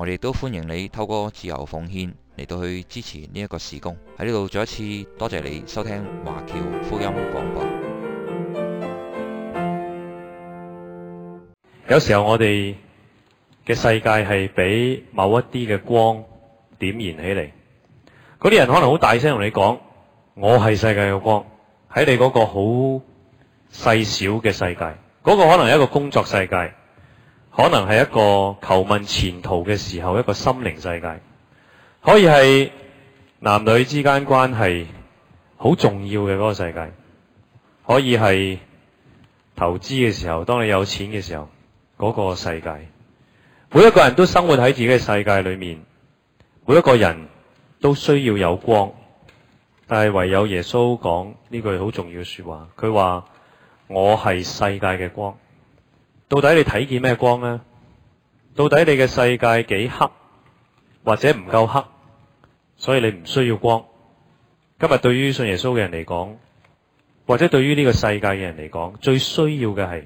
我哋都歡迎你透過自由奉獻嚟到去支持呢一個事工。喺呢度再一次多謝你收聽華僑福音廣播。有時候我哋嘅世界係俾某一啲嘅光點燃起嚟，嗰啲人可能好大聲同你講：我係世界嘅光。喺你嗰個好細小嘅世界，嗰、嗰個可能係一個工作世界。可能係一個求問前途嘅時候，一個心靈世界，可以係男女之間關係好重要嘅個世界，可以係投資嘅時候，當你有錢嘅時候，嗰個世界，每一個人都生活喺自己嘅世界裏面，每一個人都需要有光，但係唯有耶穌講呢句好重要嘅說話，佢話我係世界嘅光。到底你睇見咩光咧？到底你嘅世界幾黑，或者唔夠黑，所以你唔需要光。今日對於信耶穌嘅人嚟講，或者對於呢個世界嘅人嚟講，最需要嘅係，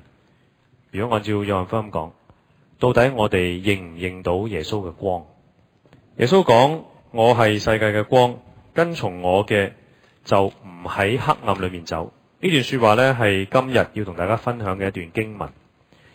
如果按照約翰福音講，到底我哋認唔認到耶穌嘅光？耶穌講，我係世界嘅光，跟從我嘅就唔喺黑暗裏面走。呢段說話咧，係今日要同大家分享嘅一段經文。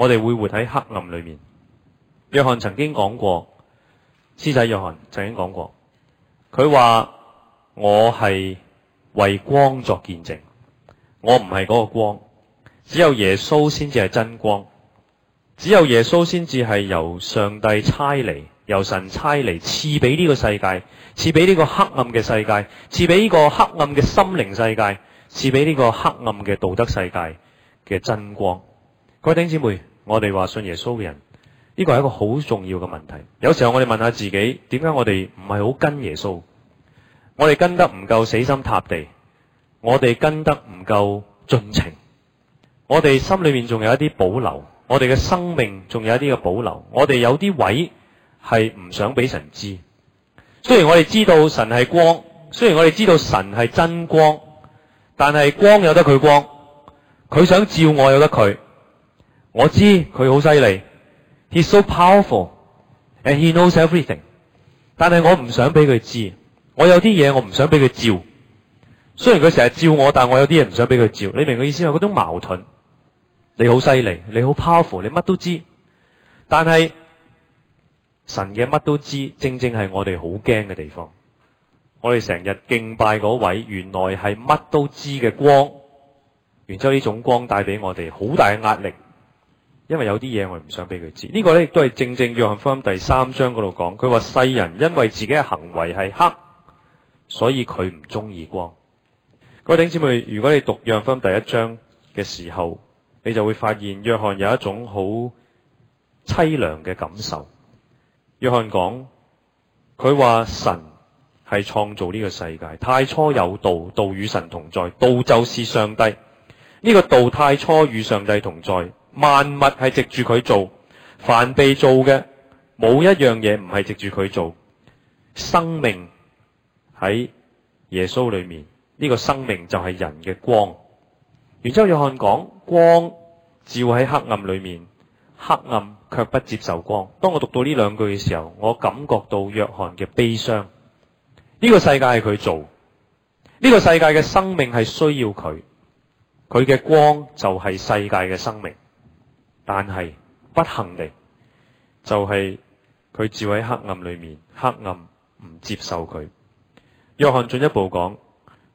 我哋會活喺黑暗裏面。約翰曾經講過，施洗約翰曾經講過，佢話我係為光作見證，我唔係嗰個光，只有耶穌先至係真光，只有耶穌先至係由上帝差嚟，由神差嚟，賜俾呢個世界，賜俾呢個黑暗嘅世界，賜俾呢個黑暗嘅心靈世界，賜俾呢個黑暗嘅道德世界嘅真光。各位弟兄姊妹。我哋話信耶穌嘅人，呢個係一個好重要嘅問題。有時候我哋問下自己，點解我哋唔係好跟耶穌？我哋跟得唔夠死心塌地，我哋跟得唔夠盡情，我哋心裏面仲有一啲保留，我哋嘅生命仲有一啲嘅保留，我哋有啲位係唔想俾神知。雖然我哋知道神係光，雖然我哋知道神係真光，但係光有得佢光，佢想照我有得佢。我知佢好犀利，He's so powerful and he knows everything。但係我唔想俾佢知，我有啲嘢，我唔想俾佢照。雖然佢成日照我，但我有啲嘢唔想俾佢照。你明我意思嘛？嗰種矛盾，你好犀利，你好 powerful，你乜都知。但係神嘅乜都知，正正係我哋好驚嘅地方。我哋成日敬拜嗰位，原來係乜都知嘅光，然之後呢種光帶俾我哋好大嘅壓力。因為有啲嘢我唔想俾佢知，呢、這個呢，都係正正約翰福音第三章嗰度講，佢話世人因為自己嘅行為係黑，所以佢唔中意光。各位弟兄姊妹，如果你讀約翰福音第一章嘅時候，你就會發現約翰有一種好淒涼嘅感受。約翰講，佢話神係創造呢個世界，太初有道，道與神同在，道就是上帝。呢、這個道太初與上帝同在。萬物係藉住佢做，凡被做嘅，冇一樣嘢唔係藉住佢做。生命喺耶穌裏面，呢個生命就係人嘅光。然後，約翰講，光照喺黑暗裏面，黑暗卻不接受光。當我讀到呢兩句嘅時候，我感覺到約翰嘅悲傷。呢個世界係佢做，呢個世界嘅生命係需要佢，佢嘅光就係世界嘅生命。但係不幸地，就係佢照喺黑暗裏面，黑暗唔接受佢。約翰進一步講，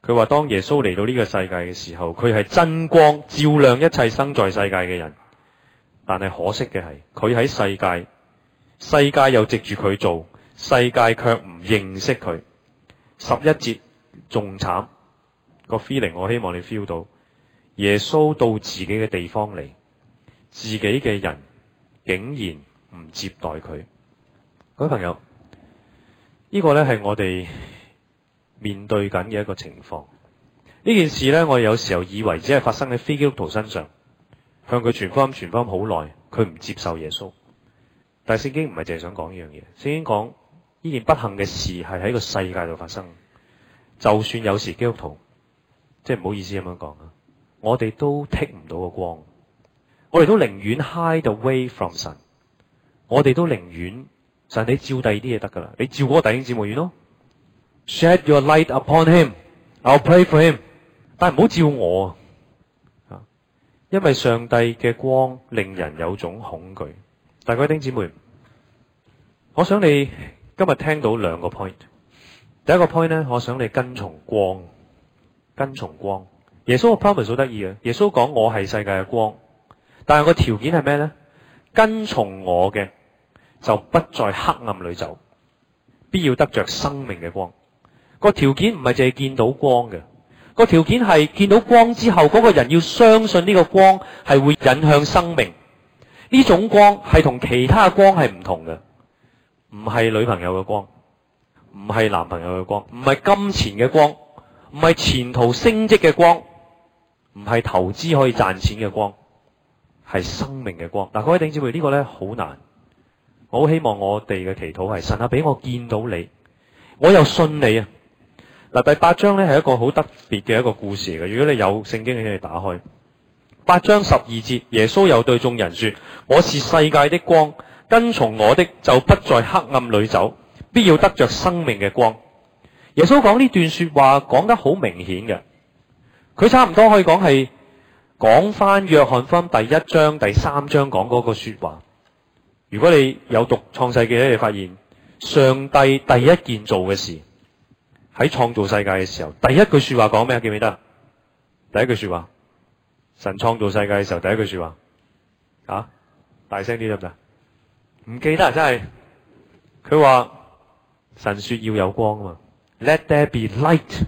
佢話當耶穌嚟到呢個世界嘅時候，佢係真光照亮一切生在世界嘅人。但係可惜嘅係，佢喺世界，世界又藉住佢造，世界卻唔認識佢。十一節仲慘，個 feeling 我希望你 feel 到，耶穌到自己嘅地方嚟，自己嘅人竟然唔接待佢，各位朋友，呢個、呢個咧係我哋面對緊嘅一個情況。呢件事咧，我有時候以為只係發生喺非基督徒身上，向佢傳福音、傳福音好耐，佢唔接受耶穌。但聖經唔係淨係想講呢樣嘢，聖經講呢件不幸嘅事係喺個世界度發生。就算有時基督徒，即係唔好意思咁樣講啊，我哋都剔唔到個光。我哋都寧願 hide away from 神，我哋都寧願神你照第啲嘢得噶啦，你照嗰個弟兄姊妹先咯。Shed your light upon him, I'll pray for him，但係唔好照我啊，因為上帝嘅光令人有種恐懼。但係各位弟兄姊妹，我想你今日聽到兩個 point，第一個 point 咧，我想你跟從光，跟從光。耶穌嘅 promise 好得意啊，耶穌講我係世界嘅光。但係個條件係咩呢？跟從我嘅就不在黑暗裏走，必要得着生命嘅光。個條件唔係淨係見到光嘅，個條件係見到光之後，嗰個人要相信呢個光係會引向生命。呢種光係同其他光係唔同嘅，唔係女朋友嘅光，唔係男朋友嘅光，唔係金錢嘅光，唔係前途升職嘅光，唔係投資可以賺錢嘅光。係生命嘅光。嗱，各位弟兄姊妹，呢個呢好難。我好希望我哋嘅祈禱係神啊，俾我見到你，我又信你啊。嗱，第八章呢係一個好特別嘅一個故事嚟嘅。如果你有聖經，你可以打開八章十二節。耶穌又對眾人說：我是世界的光，跟從我的就不在黑暗裏走，必要得着生命嘅光。耶穌講呢段說話講得好明顯嘅，佢差唔多可以講係。講翻約翰福音第一章第三章講嗰個說話，如果你有讀創世記咧，你發現上帝第一件做嘅事，喺創造世界嘅時候，第一句說話講咩？記唔記得？第一句說話，神創造世界嘅時候，第一句說話，啊，大聲啲得唔得？唔記得啊，真係，佢話神說要有光啊，Let there be light。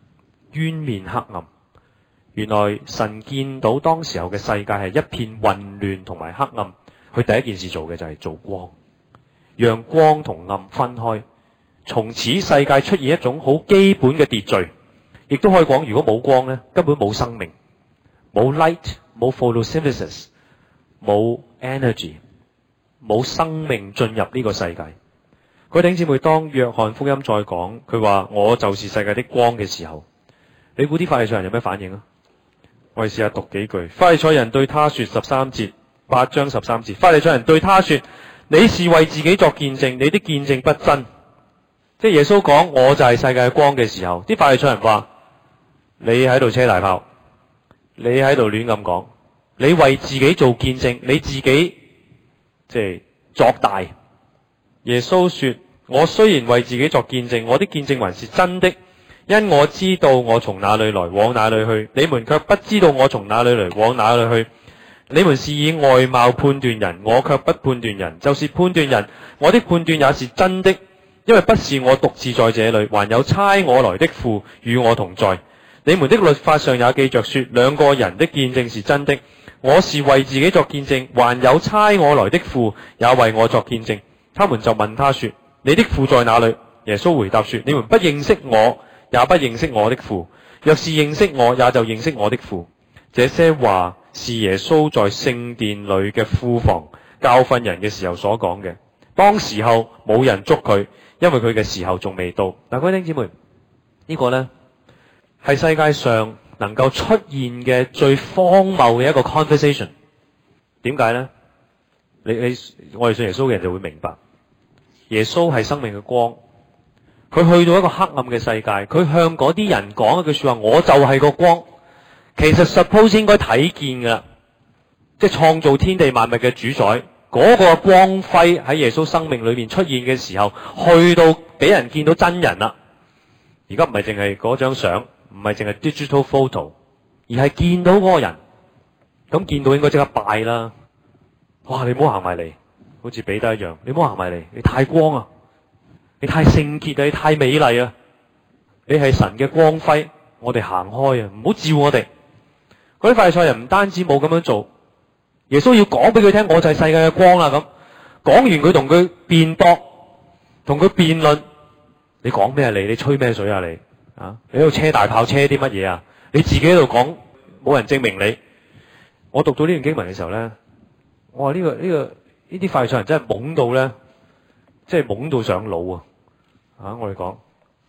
淵面黑暗，原來神見到當時候嘅世界係一片混亂同埋黑暗，佢第一件事做嘅就係做光，讓光同暗分開，從此世界出現一種好基本嘅秩序，亦都可以講，如果冇光咧，根本冇生命，冇 light，冇 photosynthesis，冇 energy，冇生命進入呢個世界。弟兄姊妹，當約翰福音再講佢話我就是世界的光嘅時候。你估啲法利賽人有咩反應啊？我哋試下讀幾句。法利賽人對他說，十三節，八章十三節。法利賽人對他說：你是為自己作見證，你的見證不真。即係耶穌講我就係世界光嘅時候，啲法利賽人話你喺度車大炮，你喺度亂咁講，你為自己做見證，你自己即係作大。耶穌說：我雖然為自己作見證，我的見證還是真的。因我知道我從哪裡來，往哪裡去。你們却不知道我從哪裡來，往哪裡去。你們是以外貌判斷人，我却不判斷人。就是判斷人，我的判斷也是真的。因為不是我獨自在這裡，還有差我來的父與我同在。你們的律法上也記着說，兩個人的見證是真的。我是為自己作見證，還有差我來的父也為我作見證。他們就問他說：你的父在哪裡？耶穌回答說：你們不認識我。也不認識我的父，若是認識我，也就認識我的父。這些話是耶穌在聖殿裏嘅庫房教訓人嘅時候所講嘅。當時候冇人捉佢，因為佢嘅時候仲未到。嗱，各位弟兄姊妹，呢個呢，係世界上能夠出現嘅最荒謬嘅一個 conversation。點解呢？你你我哋信耶穌嘅人就會明白，耶穌係生命嘅光。佢去到一個黑暗嘅世界，佢向嗰啲人講一句說話，我就係個光。其實 suppose 應該睇見噶，即係創造天地萬物嘅主宰，嗰個光輝喺耶穌生命裏面出現嘅時候，去到俾人見到真人啦。而家唔係淨係嗰張相，唔係淨係 digital photo，而係見到嗰個人，咁見到應該即刻拜啦。哇！你唔好行埋嚟，好似彼得一樣，你唔好行埋嚟，你太光啊！你太聖潔啊！你太美麗啊！你係神嘅光輝，我哋行開啊！唔好照我哋。嗰啲法利賽人唔單止冇咁樣做，耶穌要講俾佢聽，我就係世界嘅光啊！咁講完，佢同佢辯駁，同佢辯論，你講咩啊？你你吹咩水啊？你啊！你喺度車大炮，車啲乜嘢啊？你自己喺度講，冇人證明你。我讀到呢段經文嘅時候咧，我話呢個呢個呢啲法利賽人真係懵到咧，即係懵到上腦啊！啊！我哋講，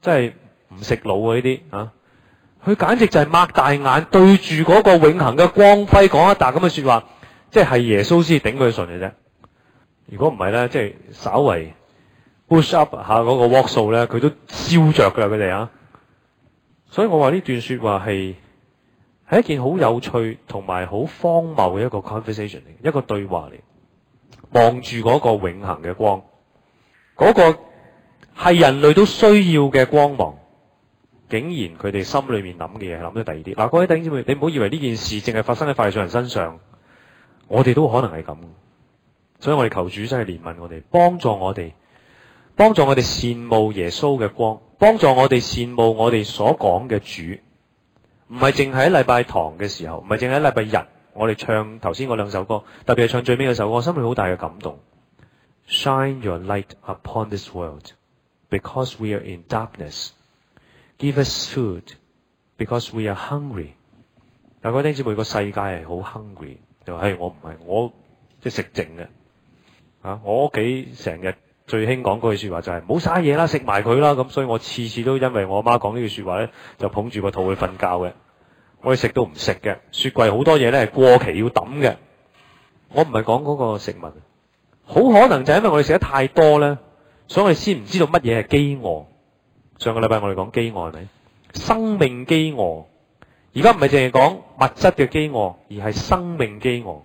真係唔食腦啊！呢啲啊，佢簡直就係擘大眼對住嗰個永恒嘅光輝講一沓咁嘅說話，即係耶穌先頂佢順嘅啫。如果唔係咧，即係稍微 push up 下嗰個 walk 數咧，佢都燒着噶啦，佢哋啊。所以我話呢段說話係係一件好有趣同埋好荒謬嘅一個 conversation 嚟，一個對話嚟。望住嗰個永恒嘅光，嗰個。係人類都需要嘅光芒，竟然佢哋心裏面諗嘅嘢諗咗第二啲。嗱，各位弟兄姊妹，你唔好以為呢件事淨係發生喺法利賽人身上，我哋都可能係咁。所以我哋求主真係憐憫我哋，幫助我哋，幫助我哋羨慕耶穌嘅光，幫助我哋羨慕我哋所講嘅主。唔係淨係喺禮拜堂嘅時候，唔係淨係喺禮拜日，我哋唱頭先嗰兩首歌，特別係唱最尾嘅首歌，我心裏好大嘅感動。Shine your light upon this world. Because we are in darkness, give us food. Because we are hungry. 大家聽知每個世界係好 hungry，就係。就係我唔係我即係食剩嘅。啊，我屋企成日最興講句説話就係唔好嘥嘢啦，食埋佢啦。咁所以我次次都因為我媽講呢句説話咧，就捧住個肚去瞓覺嘅。我哋食都唔食嘅雪櫃好多嘢咧，係過期要抌嘅。我唔係講嗰個食物，好可能就係因為我哋食得太多咧。所以我哋先唔知道乜嘢係飢餓。上個禮拜我哋講飢餓係咪？生命飢餓。而家唔係淨係講物質嘅飢餓，而係生命飢餓。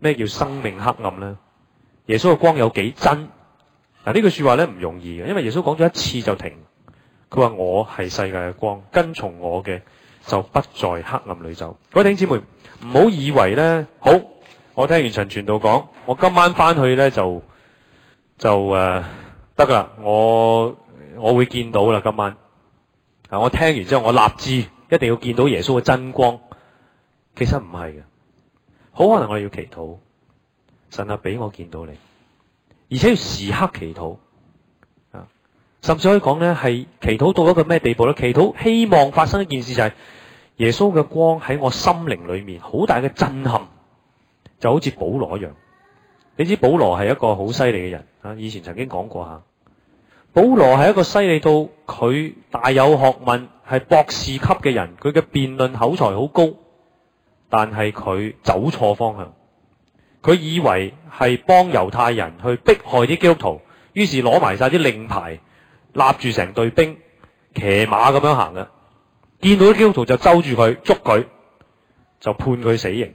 咩叫生命黑暗咧？耶穌嘅光有幾真？嗱、啊、呢句説話咧唔容易嘅，因為耶穌講咗一次就停。佢話我係世界嘅光，跟從我嘅就不在黑暗裏走。各位弟兄姊妹，唔好以為咧，好我聽完陳傳道講，我今晚翻去咧就就誒。呃得噶，我我會見到啦今晚。嗱、啊，我聽完之後，我立志一定要見到耶穌嘅真光。其實唔係嘅，好可能我哋要祈禱，神啊俾我見到你，而且要時刻祈禱。啊，甚至可以講咧，係祈禱到一個咩地步咧？祈禱希望發生一件事就係耶穌嘅光喺我心靈裏面好大嘅震撼，就好似保羅一樣。你知保羅係一個好犀利嘅人啊！以前曾經講過下，保羅係一個犀利到佢大有學問，係博士級嘅人，佢嘅辯論口才好高，但係佢走錯方向，佢以為係幫猶太人去迫害啲基督徒，於是攞埋晒啲令牌，立住成隊兵，騎馬咁樣行嘅，見到啲基督徒就揪住佢，捉佢，就判佢死刑。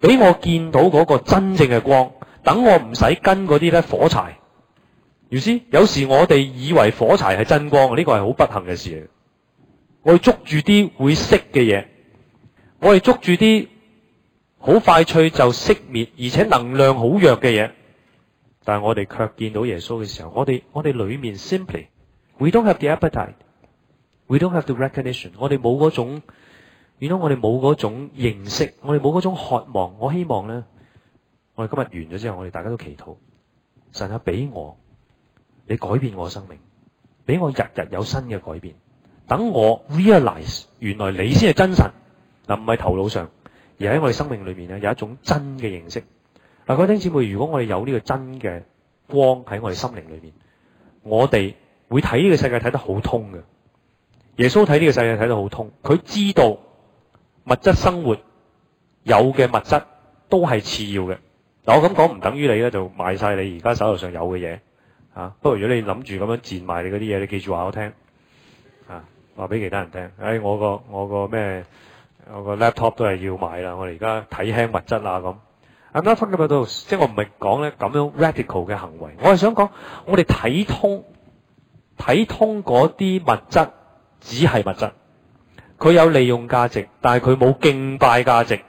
俾我見到嗰個真正嘅光，等我唔使跟嗰啲咧火柴。意思，有時我哋以為火柴係真光，呢、這個係好不幸嘅事。我哋捉住啲會熄嘅嘢，我哋捉住啲好快脆就熄滅，而且能量好弱嘅嘢。但係我哋卻見到耶穌嘅時候，我哋我哋裡面 simply，we don't have the appetite，we don't have the recognition。我哋冇嗰種。如果我哋冇嗰種認識，我哋冇嗰種渴望，我希望咧，我哋今日完咗之後，我哋大家都祈禱，神啊，俾我，你改變我生命，俾我日日有新嘅改變，等我 realize 原來你先係真神，嗱唔係頭腦上，而喺我哋生命裏面咧有一種真嘅認識。嗱、啊，各位弟兄姊妹，如果我哋有呢個真嘅光喺我哋心靈裏面，我哋會睇呢個世界睇得好通嘅。耶穌睇呢個世界睇得好通，佢知道。物質生活有嘅物質都係次要嘅，嗱，我咁講唔等於你咧就賣晒你而家手頭上有嘅嘢啊！不過如果你諗住咁樣賤賣你嗰啲嘢，你記住話我聽啊，話俾其他人聽，誒，我個我個咩我個 laptop 都係要賣啦，我哋而家睇輕物質啊咁。I'm not talking about those，即係我唔係講咧咁樣 radical 嘅行為，我係想講我哋睇通睇通嗰啲物質只係物質。佢有利用價值，但係佢冇敬拜價值。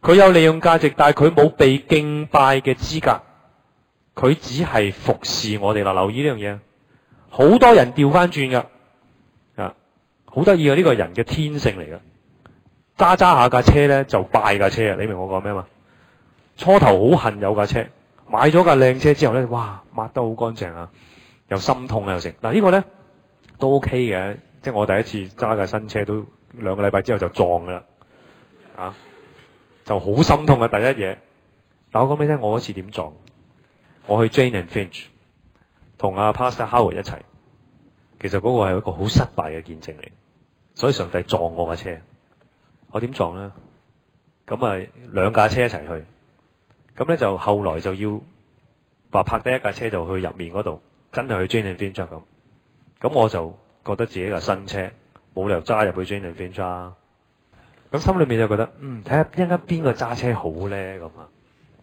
佢有利用價值，但係佢冇被敬拜嘅資格。佢只係服侍我哋啦。留意呢樣嘢，好多人調翻轉㗎，啊，好得意啊！呢個人嘅天性嚟㗎，揸揸下架車咧就拜架車啊！你明我講咩嘛？初頭好恨有架車，買咗架靚車之後咧，哇，抹得好乾淨啊，又心痛又剩。嗱，呢個咧，都 OK 嘅啊。即係我第一次揸架新車，都兩個禮拜之後就撞噶啦，啊，就好心痛啊！第一嘢，但我講俾你聽，我嗰次點撞？我去 Jane and Finch 同阿 Pastor Howard 一齊，其實嗰個係一個好失敗嘅見證嚟，所以上帝撞我架車。我點撞咧？咁啊，兩架車一齊去，咁咧就後來就要話拍第一架車就去入面嗰度，真係去 Jane and Finch 咁。咁我就。覺得自己架新車，冇理由揸入去 Jane and Finch 揸，咁心裏面就覺得，嗯，睇下一陣間邊個揸車好咧咁啊。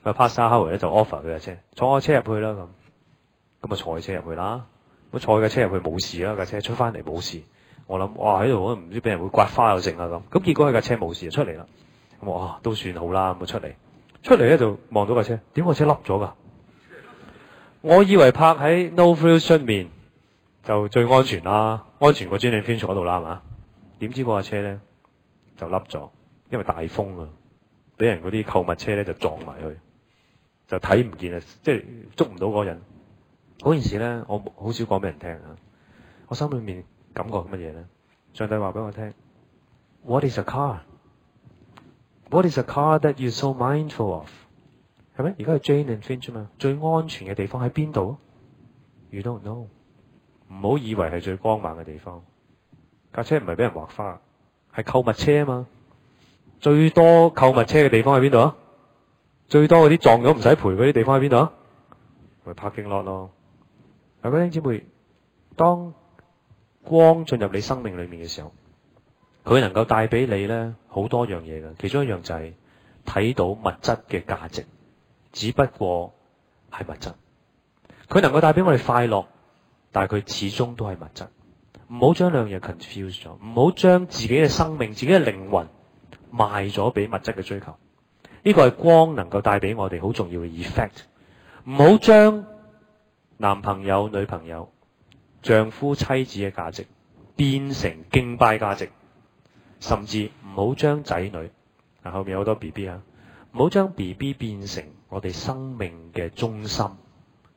咁啊 Pastor 咧就 offer 佢架車，坐我車入去啦咁。咁啊，坐佢車入去啦。咁坐佢架車入去冇事啦。架車出翻嚟冇事。我諗，哇喺度，唔知俾人會刮花又剩啦咁。咁結果佢架車冇事就出嚟啦。咁啊都算好啦，咁出嚟。出嚟咧就望到架車，點解車凹咗㗎？我以為泊喺 No Frills 出面就最安全啦。安全過 Jane and Finch 嗰度啦，係嘛？點知嗰架車咧就凹咗，因為大風啊，俾人嗰啲購物車咧就撞埋去，就睇唔見啊，即係捉唔到嗰人。嗰件事咧，我好少講俾人聽啊。我心裏面感覺乜嘢咧？上帝話俾我聽：What is a car？What is a car that you so mindful of？係咪？而家係 Jane and Finch 啫嘛。最安全嘅地方喺邊度？You don't know。唔好以為係最光猛嘅地方，架車唔係俾人劃花，係購物車啊嘛。最多購物車嘅地方喺邊度啊？最多嗰啲撞咗唔使賠嗰啲地方喺邊度啊？咪拍經落咯！係咪？兄姊妹，當光進入你生命裏面嘅時候，佢能夠帶俾你咧好多樣嘢嘅，其中一樣就係睇到物質嘅價值，只不過係物質。佢能夠帶俾我哋快樂。但係佢始終都係物質，唔好將兩樣 confuse 咗，唔好將自己嘅生命、自己嘅靈魂賣咗俾物質嘅追求。呢個係光能夠帶俾我哋好重要嘅 effect。唔好將男朋友、女朋友、丈夫、妻子嘅價值變成敬拜價值，甚至唔好將仔女啊，後面好多 B B 啊，唔好將 B B 變成我哋生命嘅中心，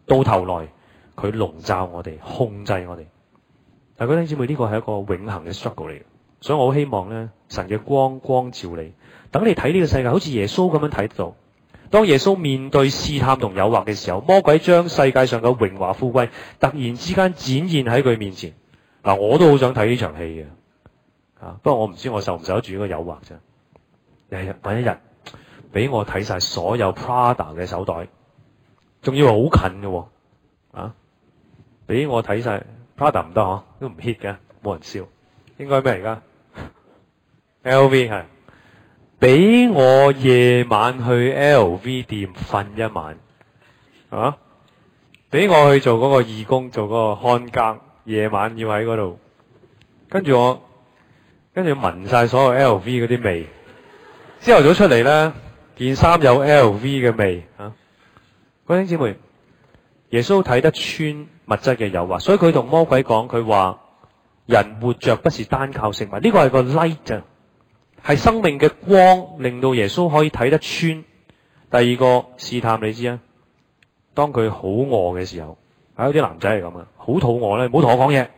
到頭來。佢籠罩我哋，控制我哋。嗱，各位弟兄姊妹，呢個係一個永恒嘅 struggle 嚟嘅，所以我好希望咧，神嘅光光照你，等你睇呢個世界，好似耶穌咁樣睇到。當耶穌面對試探同誘惑嘅時候，魔鬼將世界上嘅榮華富貴突然之間展現喺佢面前。嗱、啊，我都好想睇呢場戲嘅，啊！不過我唔知我受唔受得住呢個誘惑啫。日日揾一日俾我睇晒所有 Prada 嘅手袋，仲要係好近嘅、啊，啊！俾我睇晒 Prada 唔得嗬，都唔 hit 嘅，冇人笑。應該咩嚟噶？LV 係俾我夜晚去 LV 店瞓一晚，啊！俾我去做嗰個義工，做嗰個看更，夜晚要喺嗰度。跟住我，跟住聞晒所有 LV 嗰啲味。朝頭早出嚟咧，件衫有 LV 嘅味啊！各位弟兄姊妹，耶穌睇得穿。物質嘅誘惑，所以佢同魔鬼講，佢話人活着不是單靠食物，呢個係個 light 啊，係生命嘅光，令到耶穌可以睇得穿。第二個試探你知啊，當佢好餓嘅時候，啊、哎、有啲男仔係咁噶，好肚餓咧，唔好同我講嘢，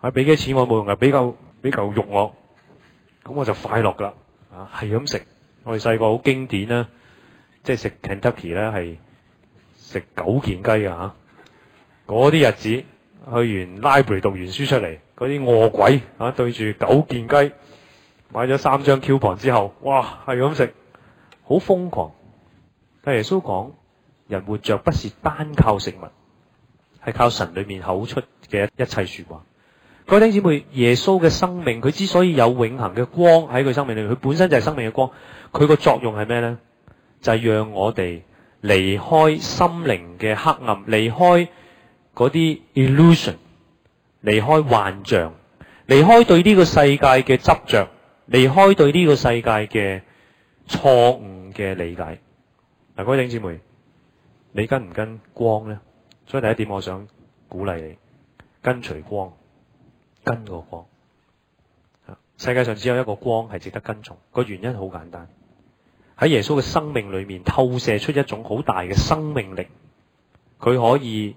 我俾幾錢我冇用，又比較比較肉我，咁我就快樂噶啦，啊係咁食。我哋細個好經典啦、啊，即係食 Kentucky 咧係食九件雞噶吓。嗰啲日子去完 library 讀完書出嚟，嗰啲餓鬼啊，對住九件雞買咗三張 coupon 之後，哇係咁食，好瘋狂。但耶穌講，人活着不是單靠食物，係靠神裏面口出嘅一切說話。各位弟兄姊妹，耶穌嘅生命佢之所以有永恆嘅光喺佢生命裏，佢本身就係生命嘅光。佢個作用係咩咧？就係、是、讓我哋離開心靈嘅黑暗，離開。嗰啲 illusion，離開幻象，離開對呢個世界嘅執着，離開對呢個世界嘅錯誤嘅理解。嗱，各位弟兄姊妹，你跟唔跟光咧？所以第一點，我想鼓勵你跟隨光，跟個光。世界上只有一個光係值得跟從，個原因好簡單，喺耶穌嘅生命裏面透射出一種好大嘅生命力，佢可以。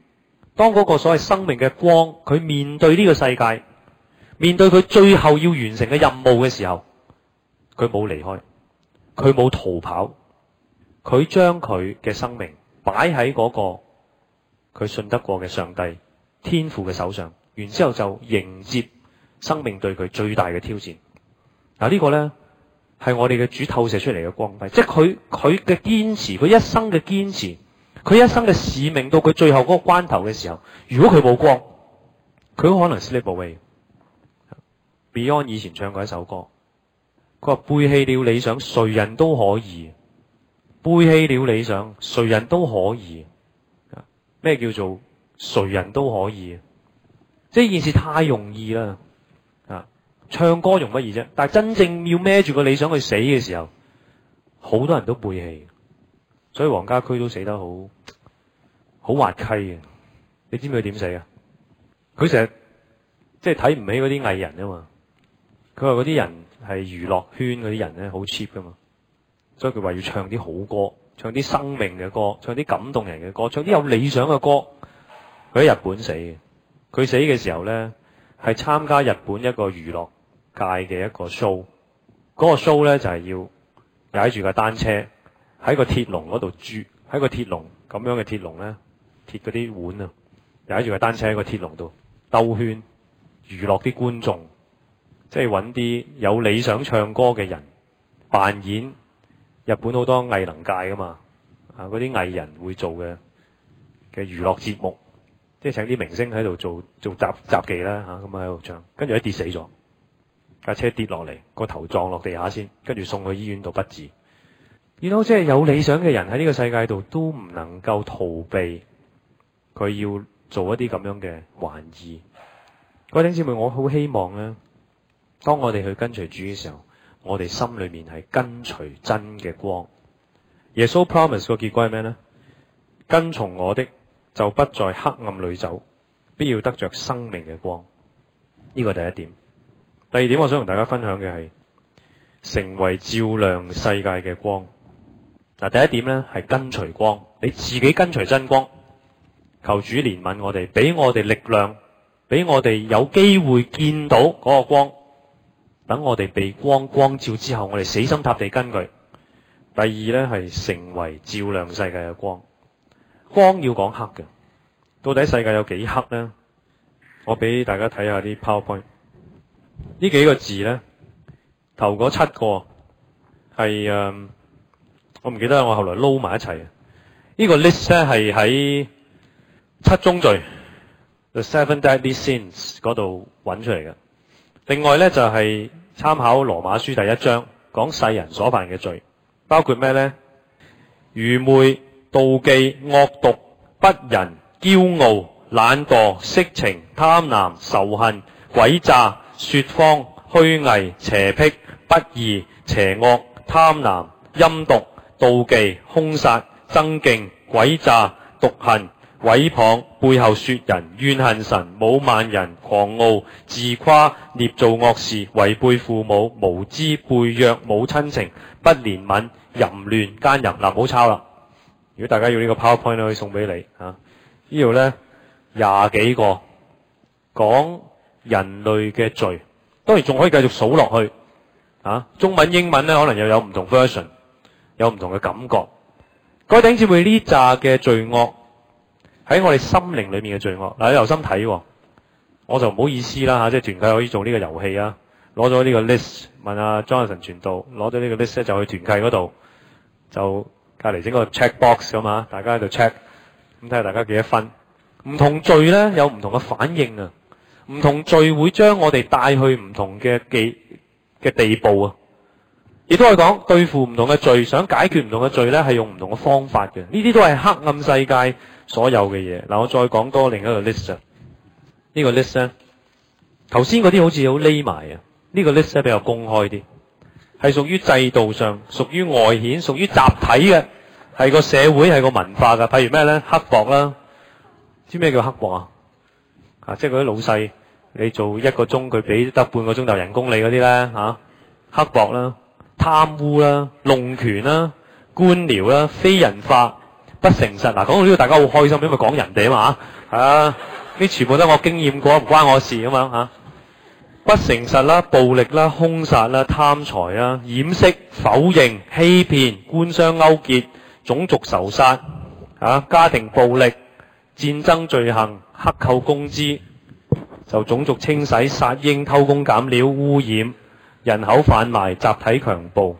當嗰個所謂生命嘅光，佢面對呢個世界，面對佢最後要完成嘅任務嘅時候，佢冇離開，佢冇逃跑，佢將佢嘅生命擺喺嗰個佢信得過嘅上帝天父嘅手上，然之後就迎接生命對佢最大嘅挑戰。嗱、這、呢個呢，係我哋嘅主透射出嚟嘅光輝，即係佢佢嘅堅持，佢一生嘅堅持。佢一生嘅使命到佢最後個關頭嘅時候，如果佢冇光，佢可能 sleep away。Beyond 以前唱過一首歌，佢話背棄了理想，誰人都可以；背棄了理想，誰人都可以。咩叫做誰人都可以？即係件事太容易啦！啊，唱歌容乜易啫？但係真正要孭住個理想去死嘅時候，好多人都背棄。所以黃家駒都死得好，好滑稽嘅。你知唔知佢點死啊？佢成日即係睇唔起嗰啲藝人啊嘛。佢話嗰啲人係娛樂圈嗰啲人咧，好 cheap 噶嘛。所以佢話要唱啲好歌，唱啲生命嘅歌，唱啲感動人嘅歌，唱啲有理想嘅歌。佢喺日本死嘅。佢死嘅時候咧，係參加日本一個娛樂界嘅一個 show。嗰個 show 咧就係、是、要踩住架單車。喺個鐵籠嗰度住，喺個鐵籠咁樣嘅鐵籠咧，鐵嗰啲碗啊，踩住個單車喺個鐵籠度兜圈，娛樂啲觀眾，即係揾啲有理想唱歌嘅人扮演日本好多藝能界㗎嘛，啊嗰啲藝人會做嘅嘅娛樂節目，即係請啲明星喺度做做雜雜技啦嚇，咁啊喺度唱，跟住一跌死咗架車跌落嚟，個頭撞落地下先，跟住送去醫院度不治。見到即係有理想嘅人喺呢個世界度都唔能夠逃避佢，要做一啲咁樣嘅玩意。各位弟兄姊妹，我好希望咧，當我哋去跟隨主嘅時候，我哋心裏面係跟隨真嘅光。耶穌 promise 個結果係咩咧？跟從我的就不在黑暗裏走，必要得着生命嘅光。呢個第一點。第二點，我想同大家分享嘅係成為照亮世界嘅光。嗱，第一點咧係跟隨光，你自己跟隨真光，求主憐憫我哋，俾我哋力量，俾我哋有機會見到嗰個光，等我哋被光光照之後，我哋死心塌地跟佢。第二咧係成為照亮世界嘅光，光要講黑嘅，到底世界有幾黑咧？我俾大家睇下啲 PowerPoint，呢幾個字咧，頭嗰七個係誒。呃我唔記得，我後來撈埋一齊。呢個 list 咧係喺七宗罪《The Seven Deadly Sins》嗰度揾出嚟嘅。另外咧就係參考《羅馬書》第一章，講世人所犯嘅罪，包括咩咧？愚昧、妒忌、惡毒、不仁、驕傲、懶惰、色情、貪婪、仇恨、詭詐、説謊、虛偽、邪癖、不義、邪惡、貪婪、陰毒。妒忌、凶殺、爭競、詭詐、毒恨、毀謗、背後說人、怨恨神、侮慢人、狂傲、自誇、捏造惡事、違背父母、無知背約、冇親情、不憐憫、淫亂奸淫。嗱，唔、啊、好抄啦。如果大家要呢個 PowerPoint 可以送俾你啊，呢度呢，廿幾個講人類嘅罪，當然仲可以繼續數落去啊。中文、英文呢，可能又有唔同 version。有唔同嘅感覺，嗰頂住會呢扎嘅罪惡喺我哋心靈裏面嘅罪惡。嗱，你留心睇喎、啊，我就唔好意思啦嚇、啊，即係團契可以做呢個遊戲啊，攞咗呢個 list 問阿 Jonathan 傳道，攞咗呢個 list 咧就去團契嗰度，就隔離整個 check box 啊嘛，大家喺度 check，咁睇下大家幾多分。唔同罪咧有唔同嘅反應啊，唔同罪會將我哋帶去唔同嘅嘅地步啊。亦都係講對付唔同嘅罪，想解決唔同嘅罪咧，係用唔同嘅方法嘅。呢啲都係黑暗世界所有嘅嘢。嗱，我再講多另一個 list 咧，呢個 list 咧，頭先嗰啲好似好匿埋啊。呢個 list 咧比較公開啲，係屬於制度上，屬於外顯，屬於集體嘅，係個社會係個文化噶。譬如咩咧？刻薄啦，知咩叫刻薄啊？啊，即係嗰啲老細，你做一個鐘佢俾得半個鐘頭人工你嗰啲咧，吓，刻薄啦。貪污啦、弄權啦、官僚啦、非人化、不誠實。嗱，講到呢度，大家好開心，因為講人哋啊嘛，吓，啲全部都係我經驗過，唔關我事咁樣吓。不誠實啦、暴力啦、兇殺啦、貪財啦、掩飾、否認、欺騙、官商勾結、種族仇殺啊、家庭暴力、戰爭罪行、克扣工資，就種族清洗、殺嬰、偷工減料、污染。人口販賣、集體強暴，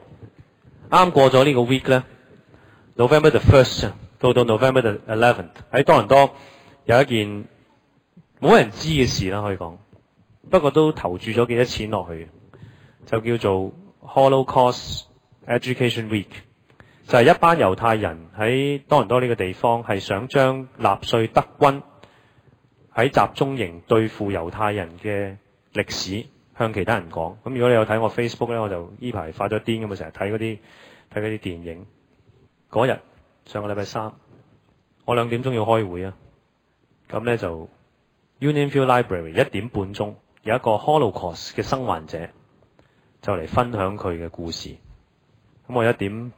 啱過咗呢個 week 咧，November the first 到到 November the eleventh 喺多倫多有一件冇人知嘅事啦，可以講，不過都投注咗幾多錢落去，就叫做 Holocaust Education Week，就係一班猶太人喺多倫多呢個地方係想將納粹德軍喺集中營對付猶太人嘅歷史。向其他人講，咁，如果你有睇我 Facebook 咧，我就呢排發咗癲咁，成日睇啲睇啲電影。嗰日上個禮拜三，我兩點鐘要開會啊。咁咧就 Union Field Library 一點半鐘有一個 Holocaust 嘅生還者就嚟分享佢嘅故事。咁我一點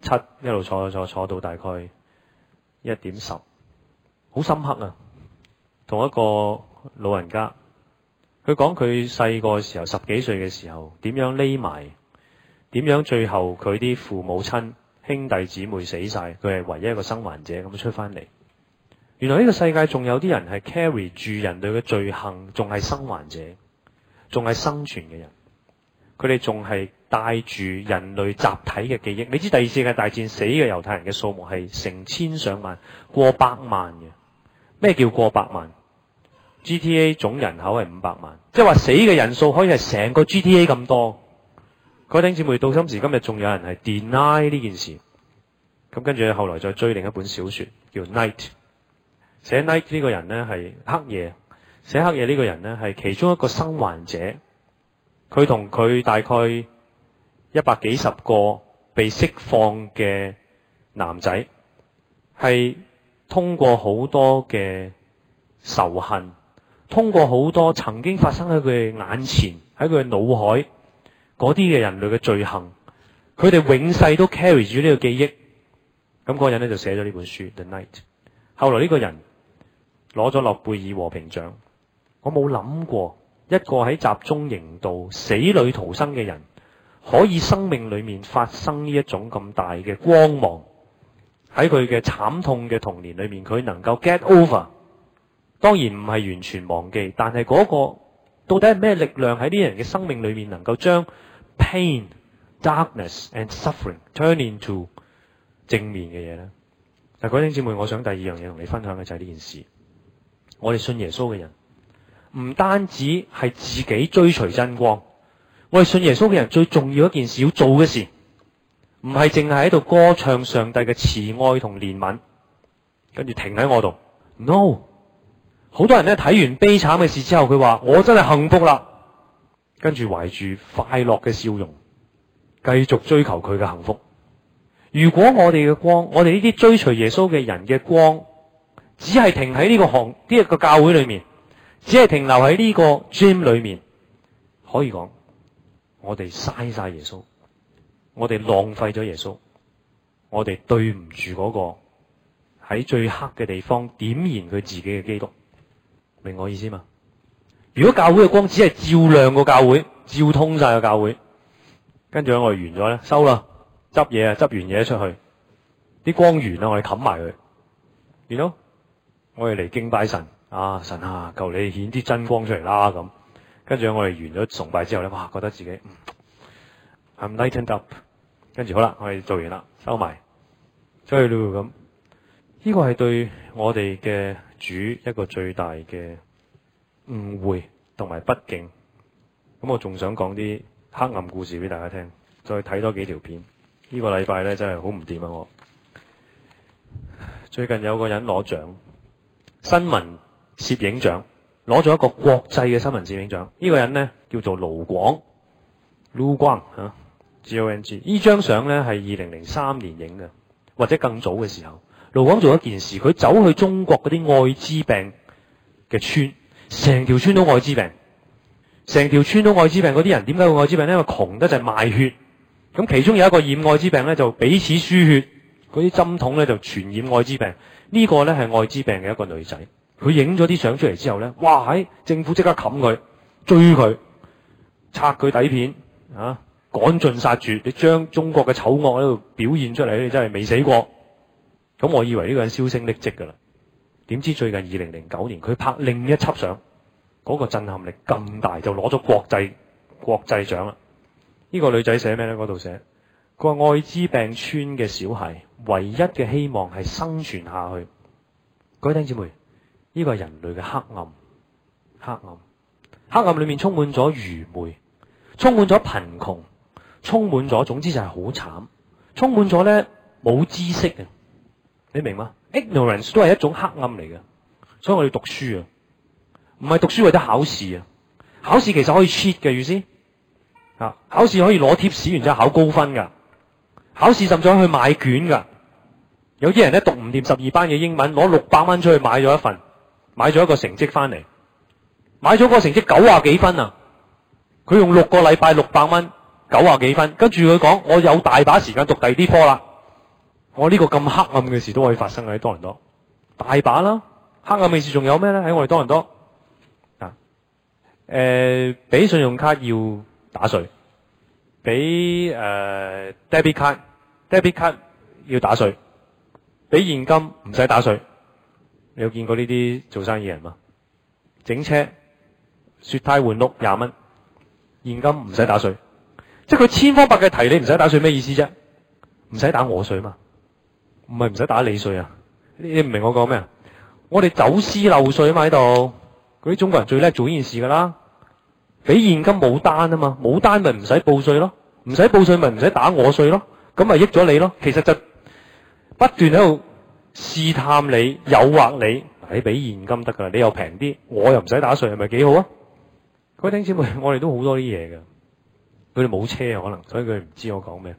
七一路坐坐坐到大概一點十，好深刻啊！同一個老人家。佢講佢細個嘅時候，十幾歲嘅時候，點樣匿埋？點樣最後佢啲父母親、兄弟姊妹死晒，佢係唯一一個生還者咁出翻嚟。原來呢個世界仲有啲人係 carry 住人類嘅罪行，仲係生還者，仲係生存嘅人。佢哋仲係帶住人類集體嘅記憶。你知第二次世界大戰死嘅猶太人嘅數目係成千上萬，過百萬嘅。咩叫過百萬？GTA 總人口係五百萬，即係話死嘅人數可以係成個 GTA 咁多。各位弟兄姊妹，到今時今日仲有人係 deny 呢件事。咁跟住後來再追另一本小說叫《Night》，寫《Night》呢個人咧係黑夜，寫黑夜呢個人咧係其中一個生還者。佢同佢大概一百幾十個被釋放嘅男仔，係通過好多嘅仇恨。通過好多曾經發生喺佢眼前、喺佢腦海嗰啲嘅人類嘅罪行，佢哋永世都 carry 住呢個記憶。咁嗰人咧就寫咗呢本書《The Night》。後來呢個人攞咗諾貝爾和平獎。我冇諗過一個喺集中營度死裏逃生嘅人，可以生命裏面發生呢一種咁大嘅光芒，喺佢嘅慘痛嘅童年裏面，佢能夠 get over。當然唔係完全忘記，但係嗰個到底係咩力量喺啲人嘅生命裏面能夠將 pain、darkness and suffering turn into 正面嘅嘢咧？嗱，各位弟兄姊妹，我想第二樣嘢同你分享嘅就係呢件事。我哋信耶穌嘅人唔單止係自己追隨真光，我哋信耶穌嘅人最重要一件事要做嘅事，唔係淨係喺度歌唱上帝嘅慈愛同憐憫，跟住停喺我度。No。好多人咧，睇完悲慘嘅事之後，佢話我真係幸福啦，跟住懷住快樂嘅笑容，繼續追求佢嘅幸福。如果我哋嘅光，我哋呢啲追隨耶穌嘅人嘅光，只係停喺呢個行呢一個教會裏面，只係停留喺呢個 gym 裏面，可以講我哋嘥晒耶穌，我哋浪費咗耶穌，我哋對唔住嗰個喺最黑嘅地方點燃佢自己嘅基督。明我意思嘛？如果教會嘅光只係照亮個教會，照通晒個教會，跟住咧我哋完咗咧，收啦，執嘢啊，執完嘢出去，啲光完啦，我哋冚埋佢，完咯，我哋嚟敬拜神，啊神啊，求你顯啲真光出嚟啦咁，跟住我哋完咗崇拜之後咧，哇覺得自己，嗯，I'm lightened up，跟住好啦，我哋做完啦，收埋，出去了咁，呢個係對我哋嘅。主一個最大嘅誤會同埋不敬，咁我仲想講啲黑暗故事俾大家聽。再睇多幾條片，這個、呢個禮拜咧真係好唔掂啊！我最近有個人攞獎，新聞攝影獎，攞咗一個國際嘅新聞攝影獎。呢、這個人呢，叫做盧廣，Lu Guang，G O N G。呢張相呢，係二零零三年影嘅，或者更早嘅時候。盧廣做一件事，佢走去中國嗰啲艾滋病嘅村，成條村都艾滋病，成條村都艾滋病。嗰啲人點解會艾滋病呢？因為窮得就係、是、賣血。咁其中有一個染艾滋病咧，就彼此輸血，嗰啲針筒咧就傳染艾滋病。這個、呢個咧係艾滋病嘅一個女仔，佢影咗啲相出嚟之後咧，哇！喺、哎、政府即刻冚佢，追佢，拆佢底片，啊，趕盡殺絕。你將中國嘅醜惡喺度表現出嚟，你真係未死過。咁我以為呢個人銷聲匿跡嘅啦，點知最近二零零九年佢拍另一輯相，嗰個震撼力咁大，就攞咗國際國際獎啦。呢個女仔寫咩咧？嗰度寫，佢話愛滋病村嘅小孩，唯一嘅希望係生存下去。各位弟兄姊妹，呢個係人類嘅黑暗，黑暗，黑暗裏面充滿咗愚昧，充滿咗貧窮，充滿咗，總之就係好慘，充滿咗咧冇知識嘅。你明嗎？Ignorance 都係一種黑暗嚟嘅，所以我要讀書啊，唔係讀書或者考試啊，考試其實可以 cheat 嘅意思，啊，考試可以攞貼士，然之後考高分噶，考試甚至去買卷噶，有啲人咧讀唔掂十二班嘅英文，攞六百蚊，出去買咗一份，買咗一個成績翻嚟，買咗個成績九啊幾分啊，佢用六個禮拜六百蚊九啊幾分，跟住佢講我有大把時間讀第二啲科啦。我呢，哦這個咁黑暗嘅事都可以發生喺多倫多，大把啦。黑暗嘅事仲有咩咧？喺我哋多倫多啊，誒，俾信用卡要打稅，俾誒，啊、debit card debit card 要打稅，俾現金唔使打稅。你有見過呢啲做生意人嘛？整車雪胎換碌廿蚊，現金唔使打稅，即係佢千方百計提你唔使打稅咩意思啫？唔使打我稅嘛？唔係唔使打你稅啊！你唔明我講咩啊？我哋走私漏稅啊嘛喺度，嗰啲中國人最叻做呢件事噶啦，俾現金冇單啊嘛，冇單咪唔使報稅咯，唔使報稅咪唔使打我稅咯，咁咪益咗你咯。其實就不斷喺度試探你、誘惑你，你俾現金得噶啦，你又平啲，我又唔使打稅，係咪幾好啊？各位聽者們，我哋都好多啲嘢噶，佢哋冇車可能，所以佢哋唔知我講咩。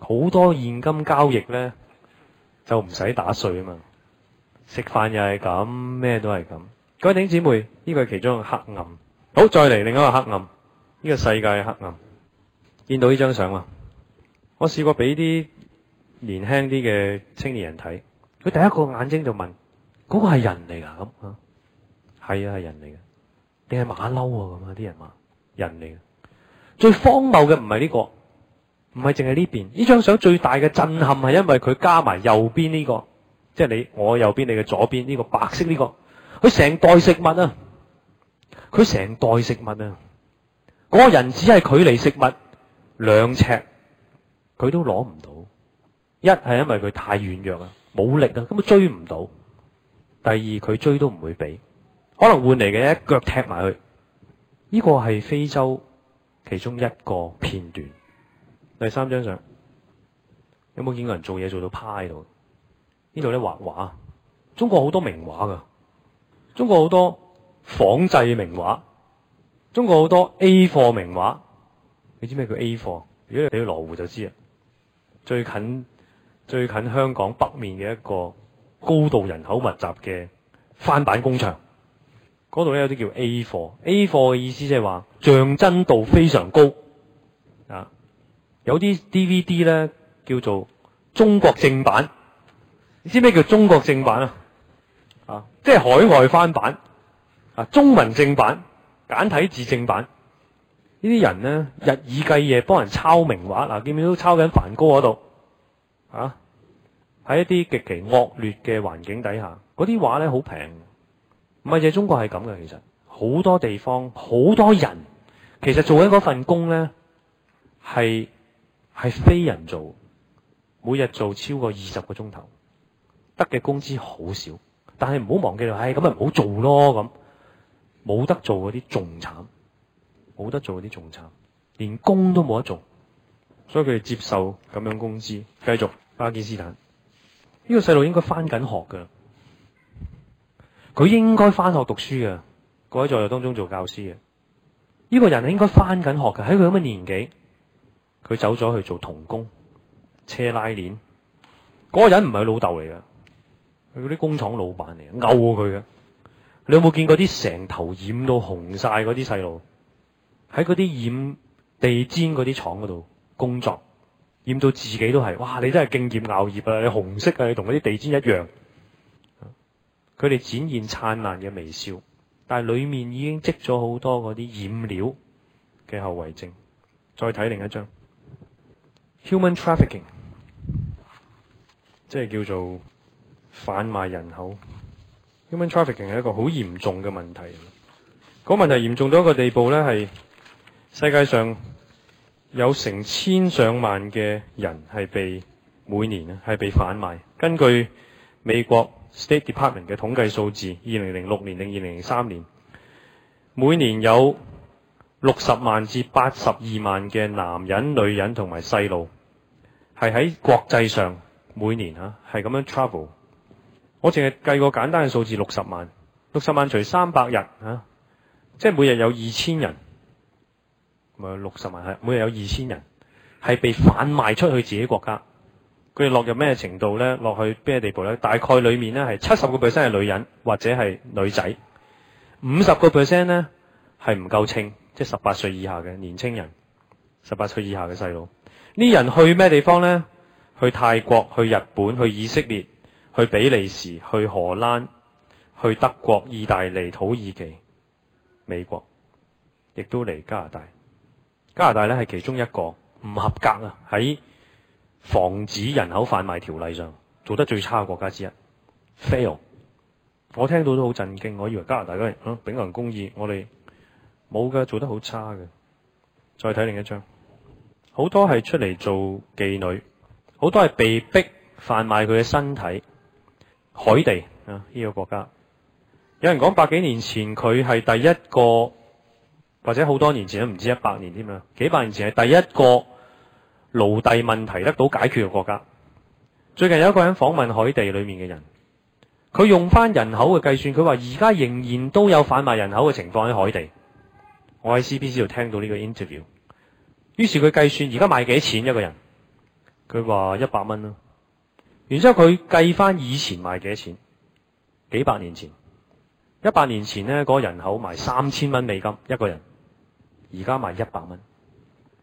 好多現金交易咧。就唔使打碎啊嘛！食飯又係咁，咩都係咁。各位弟兄姊妹，呢個係其中一個黑暗。好，再嚟另一個黑暗，呢個世界嘅黑暗。見到呢張相啊，我試過俾啲年輕啲嘅青年人睇，佢第一個眼睛就問：嗰個係人嚟噶？咁啊，係啊，係人嚟嘅，定係馬騮啊？咁啊啲人話，人嚟嘅。最荒謬嘅唔係呢個。唔係淨係呢邊，呢張相最大嘅震撼係因為佢加埋右邊呢個，即係你我右邊你嘅左邊呢個白色呢個，佢成袋食物啊！佢成袋食物啊！嗰個人只係距離食物兩尺，佢都攞唔到。一係因為佢太軟弱啊，冇力啊，根本追唔到。第二佢追都唔會俾，可能換嚟嘅一腳踢埋去。呢個係非洲其中一個片段。第三張相有冇見過人做嘢做到趴喺度？呢度咧畫畫，中國好多名畫噶，中國好多仿製名畫，中國好多 A 貨名畫。你知咩叫 A 貨？如果你去羅湖就知啦。最近最近香港北面嘅一個高度人口密集嘅翻版工場，嗰度咧有啲叫 A 貨。A 貨嘅意思即係話象真度非常高啊。有啲 DVD 咧叫做中國正版，你知咩叫中國正版啊？啊，即係海外翻版啊，中文正版、簡體字正版，呢啲人咧日以繼夜幫人抄名畫，嗱、啊，見唔見到抄緊梵高嗰度啊？喺一啲極其惡劣嘅環境底下，嗰啲畫咧好平，唔係就中國係咁嘅。其實好多地方，好多人其實做緊嗰份工咧係。係非人做，每日做超過二十個鐘頭，得嘅工資好少，但係唔好忘記到，唉、哎，咁咪唔好做咯咁。冇得做嗰啲仲慘，冇得做嗰啲仲慘，連工都冇得做，所以佢哋接受咁樣工資，繼續。巴基斯坦呢個細路應該翻緊學噶，佢應該翻學讀書噶，各位在座當中做教師嘅呢個人係應該翻緊學噶，喺佢咁嘅年紀。佢走咗去做童工，車拉鏈。嗰、那個人唔係老豆嚟㗎，佢嗰啲工廠老闆嚟，毆佢嘅。你有冇見嗰啲成頭染到紅晒嗰啲細路，喺嗰啲染地氈嗰啲廠嗰度工作，染到自己都係。哇！你真係敬業熬夜啊！你紅色啊，你同嗰啲地氈一樣。佢、啊、哋展現燦爛嘅微笑，但係裏面已經積咗好多嗰啲染料嘅後遺症。再睇另一張。human trafficking，即係叫做販賣人口。human trafficking 係一個好嚴重嘅問題。嗰、那個、問題嚴重到一個地步咧，係世界上有成千上萬嘅人係被每年係被販賣。根據美國 State Department 嘅統計數字，二零零六年定二零零三年，每年有。六十萬至八十二萬嘅男人、女人同埋細路，係喺國際上每年啊，係咁樣 travel。我淨係計過簡單嘅數字，六十萬，六十萬除三百日嚇、啊，即係每日有二千人，咪六十萬係每日有二千人係被販賣出去自己國家。佢哋落入咩程度咧？落去咩地步咧？大概裡面咧係七十個 percent 係女人或者係女仔，五十個 percent 咧係唔夠秤。即十八歲以下嘅年青人，十八歲以下嘅細路。呢人去咩地方呢？去泰國、去日本、去以色列、去比利時、去荷蘭、去德國、意大利、土耳其、美國，亦都嚟加拿大。加拿大咧係其中一個唔合格啊！喺防止人口販賣條例上做得最差嘅國家之一，fail。我聽到都好震驚，我以為加拿大嗰邊，嗯，秉承公義，我哋。冇㗎，做得好差嘅。再睇另一張，好多係出嚟做妓女，好多係被逼販賣佢嘅身體。海地啊，呢個國家有人講，百幾年前佢係第一個，或者好多年前都唔止一百年添啦，幾百年前係第一個奴隸問題得到解決嘅國家。最近有一個人訪問海地裏面嘅人，佢用翻人口嘅計算，佢話而家仍然都有販賣人口嘅情況喺海地。我喺 CBC 度聽到呢個 interview，於是佢計算而家賣幾錢一個人，佢話一百蚊啦、啊。然之後佢計返以前賣幾錢，幾百年前，一百年前咧嗰、那個、人口賣三千蚊美金一個人，而家賣一百蚊，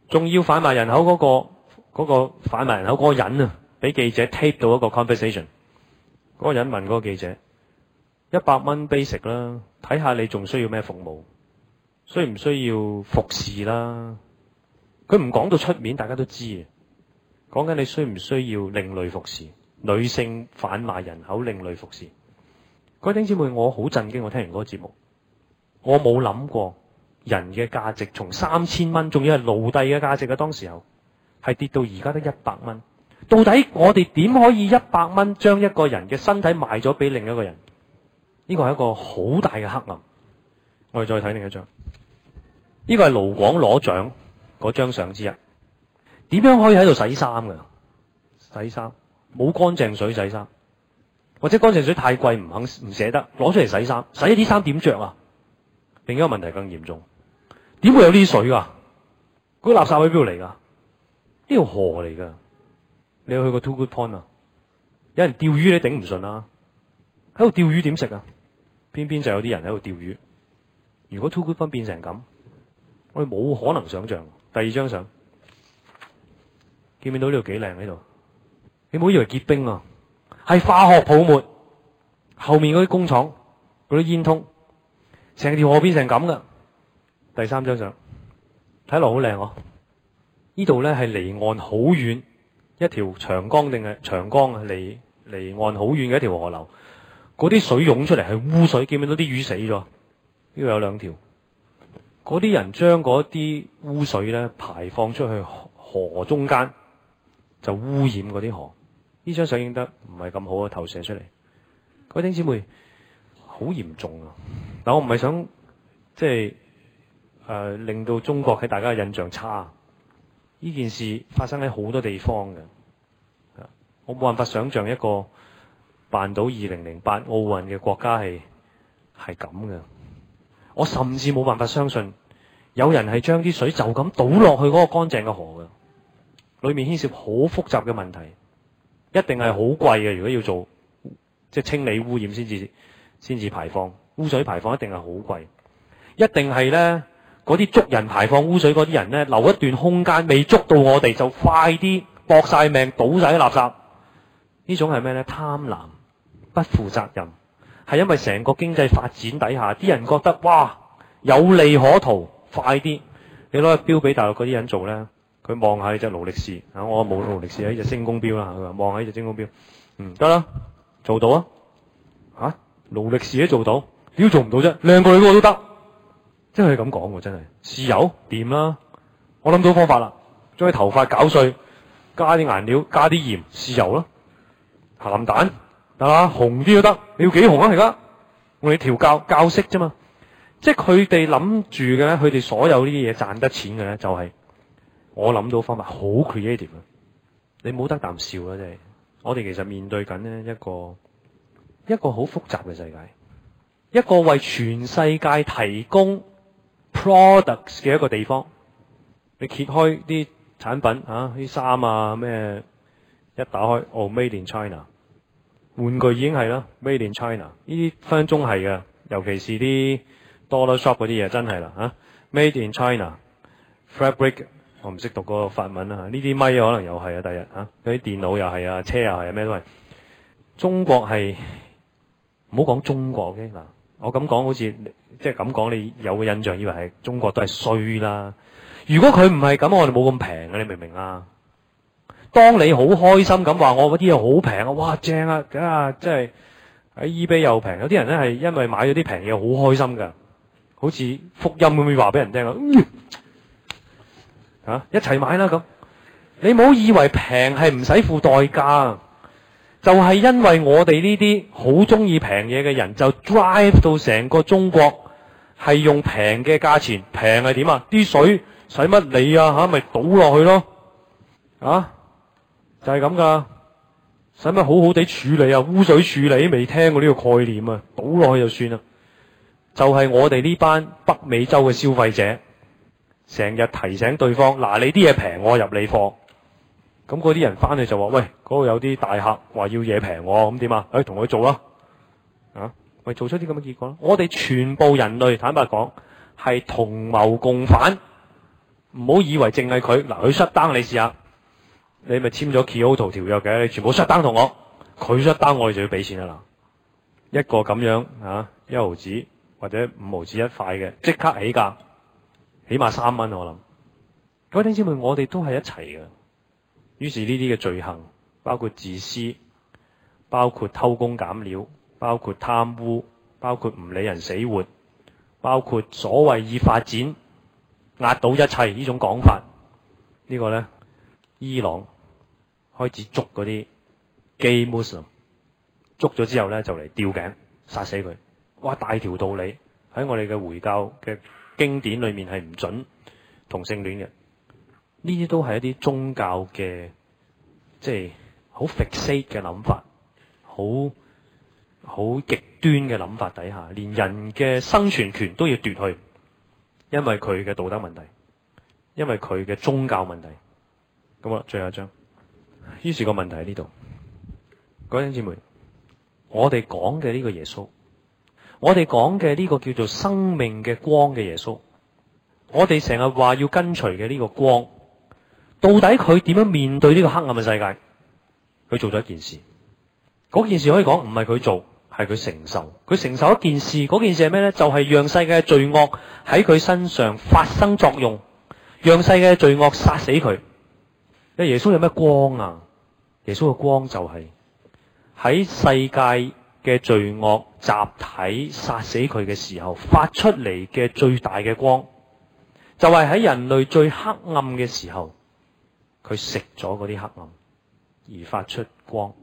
仲要販賣人口嗰、那個嗰、那個販賣人口嗰個人啊！俾記者 tape 到一個 conversation，嗰、那個人問嗰個記者：一百蚊 basic 啦，睇下你仲需要咩服務？需唔需要服侍啦？佢唔講到出面，大家都知。啊。講緊你需唔需要另類服侍？女性販賣人口、另類服侍。各位弟兄姊妹，我好震驚！我聽完嗰個節目，我冇諗過人嘅價值從三千蚊，仲要係奴隸嘅價值嘅當時候，係跌到而家得一百蚊。到底我哋點可以一百蚊將一個人嘅身體賣咗俾另一個人？呢、這個係一個好大嘅黑暗。我哋再睇另一張。呢個係盧廣攞獎嗰張相之一。點樣可以喺度洗衫嘅？洗衫冇乾淨水洗衫，或者乾淨水太貴，唔肯唔捨得攞出嚟洗衫。洗一啲衫點着啊？另一個問題更嚴重，點會有呢啲水啊？嗰垃圾喺邊度嚟噶？呢條河嚟噶？你有去過 Toogood Pond 啊？有人釣魚你頂唔順啦，喺度釣魚點食啊？偏偏就有啲人喺度釣魚。如果 Toogood Pond 變成咁？我冇可能想象。第二張相，見唔見到呢度幾靚呢度？你唔好以為結冰啊，係化學泡沫。後面嗰啲工廠、嗰啲煙通，成條河變成咁噶。第三張相，睇落好靚啊。呢度咧係離岸好遠一條長江定係長江啊！離離岸好遠嘅一條河流，嗰啲水湧出嚟係污水，見唔見到啲魚死咗？呢度有兩條。嗰啲人將嗰啲污水咧排放出去河中間，就污染嗰啲河。呢張相影得唔係咁好啊，投射出嚟。各位弟兄姊妹，好嚴重啊！嗱，我唔係想即係誒、呃、令到中國喺大家嘅印象差。呢件事發生喺好多地方嘅，我冇辦法想象一個辦到二零零八奧運嘅國家係係咁嘅。我甚至冇辦法相信有人係將啲水就咁倒落去嗰個乾淨嘅河嘅，裏面牽涉好複雜嘅問題，一定係好貴嘅。如果要做即係清理污染，先至先至排放污水，排放一定貴，一定係好貴，一定係呢，嗰啲捉人排放污水嗰啲人呢，留一段空間未捉到我哋，就快啲搏晒命倒晒啲垃圾，呢種係咩呢？貪婪，不負責任。係因為成個經濟發展底下，啲人覺得哇，有利可圖，快啲！你攞個表俾大陸嗰啲人做咧，佢望下呢隻勞力士，啊我冇勞力士喺隻精工表啦，佢話望下呢隻精工表，嗯得啦，做到啊，吓，勞力士都做到，屌做唔到啫，兩個女嘅都得，即係咁講喎，真係！豉油掂啦，我諗到方法啦，將啲頭髮攪碎，加啲顏料，加啲鹽，豉油咯，鹹蛋。係嘛、嗯？紅啲都得，你要幾紅啊？而家我哋調教教識啫嘛，即係佢哋諗住嘅，佢哋所有呢啲嘢賺得錢嘅咧、就係，就係我諗到方法好 creative 啊！你冇得啖笑啦，真係！我哋其實面對緊咧一個一個好複雜嘅世界，一個為全世界提供 products 嘅一個地方，你揭開啲產品啊，啲衫啊咩，一打開 Oh, Made in China。玩具已經係啦，Made in China，呢啲分分鐘係㗎，尤其是啲 Dollar Shop 嗰啲嘢真係啦嚇，Made in China，fabric 我唔識讀個法文啦嚇，呢啲咪可能又係啊，第日嚇嗰啲電腦又係啊，車又係啊，咩都係。中國係唔好講中國嘅嗱，我咁講好似即係咁講，你有個印象以為係中國都係衰啦。如果佢唔係咁，我哋冇咁平啊，你明唔明啊？當你好開心咁話我嗰啲嘢好平啊，哇正啊，咁啊，即係喺 eBay 又平，有啲人咧係因為買咗啲平嘢好開心噶，好似福音咁樣話俾人聽啊，吓一齊買啦咁，你唔好以為平係唔使付代價，就係因為我哋呢啲好中意平嘢嘅人，就 drive 到成個中國係用平嘅價錢，平係點啊？啲水使乜理啊？吓，咪倒落去咯，啊！就係咁噶，使乜好好地處理啊？污水處理未聽過呢個概念啊，倒落去就算啦。就係、是、我哋呢班北美洲嘅消費者，成日提醒對方：嗱、啊，你啲嘢平，我入你貨。咁嗰啲人翻去就話：喂，嗰度有啲大客話要嘢平我，咁點啊？誒、嗯，同、嗯、佢、嗯、做啦，啊，咪做出啲咁嘅結果咯。我哋全部人類坦白講係同謀共犯，唔好以為淨係佢嗱，佢失單你試下。你咪簽咗 Kyoto、條約嘅，你全部出單同我，佢出單我哋就要俾錢啦。一個咁樣嚇、啊，一毫子或者五毫子一塊嘅，即刻起價，起碼三蚊我諗。各位弟兄姊妹，我哋都係一齊嘅。於是呢啲嘅罪行，包括自私，包括偷工減料，包括貪污，包括唔理人死活，包括所謂以發展壓倒一切呢種講法，這個、呢個咧伊朗。開始捉嗰啲 Gay Muslim，捉咗之後咧就嚟吊頸殺死佢。哇！大條道理喺我哋嘅回教嘅經典裏面係唔準同性戀嘅。呢啲都係一啲宗教嘅，即係好 fixate 嘅諗法，好好極端嘅諗法底下，連人嘅生存權都要奪去，因為佢嘅道德問題，因為佢嘅宗教問題。咁啊，最後一張。於是個問題喺呢度，各位兄姊妹，我哋講嘅呢個耶穌，我哋講嘅呢個叫做生命嘅光嘅耶穌，我哋成日話要跟隨嘅呢個光，到底佢點樣面對呢個黑暗嘅世界？佢做咗一件事，嗰件事可以講唔係佢做，係佢承受。佢承受一件事，嗰件事係咩咧？就係讓世界罪惡喺佢身上發生作用，讓世界罪惡殺死佢。耶穌有咩光啊？耶穌嘅光就係喺世界嘅罪惡集體殺死佢嘅時候發出嚟嘅最大嘅光，就係喺人類最黑暗嘅時候，佢食咗嗰啲黑暗而發出光。